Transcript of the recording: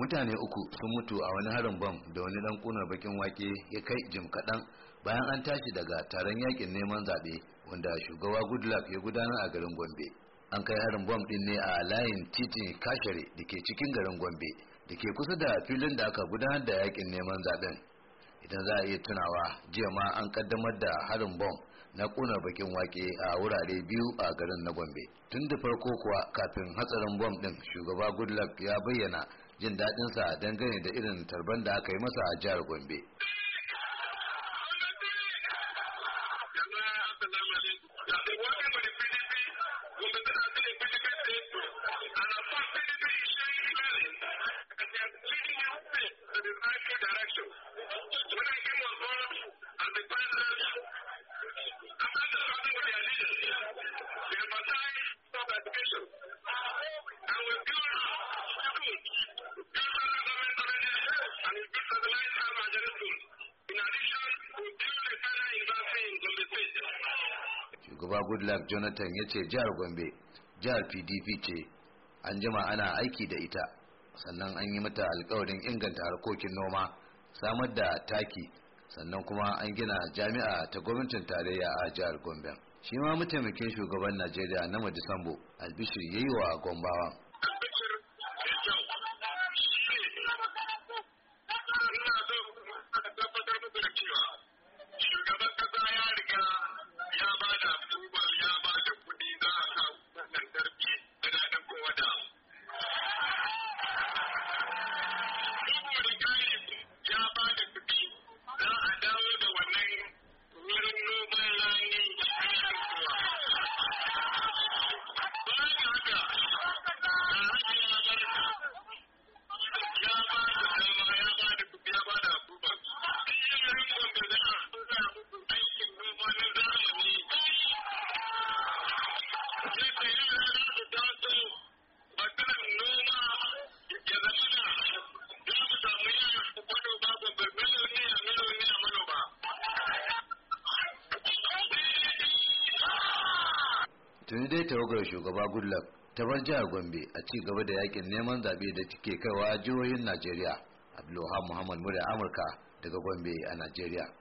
mutane uku sun mutu a wani harin bom da wani dan kunar bakin wake ya kai jim kaɗan bayan an tashi daga taron yakin neman zaɓe wanda shugaba goodluck ya gudanar a garin gombe an kai harin bom ɗin ne a layin titin kashare da ke cikin garin gombe da ke kusa da filin da aka gudanar da yakin neman zaɓen idan za a iya tunawa jiya ma an kaddamar da harin bom na kuna bakin wake a wurare biyu a garin na gombe tun da farko kuwa kafin hatsarin bom din shugaba goodluck ya bayyana jin daɗinsa dangane da irin tarban da aka yi masa a jihar gombe shugaba goodluck jonathan ya ce jihar gombe jihar pdp ce an jima ana aiki da ita sannan an yi mata alkawarin inganta harkokin noma samar da taki sannan kuma an gina jami'a ta gwamnatin tarayya a jihar gombe shi ma mataimakin shugaban najeriya na madisambo albishir yayi wa gombawa tuni dai tawagar shugaba goodluck ta bar jihar gombe a ci gaba da yakin neman zaɓe da take kaiwa jihohin najeriya abdulwahab muhammad murya amurka daga gombe a najeriya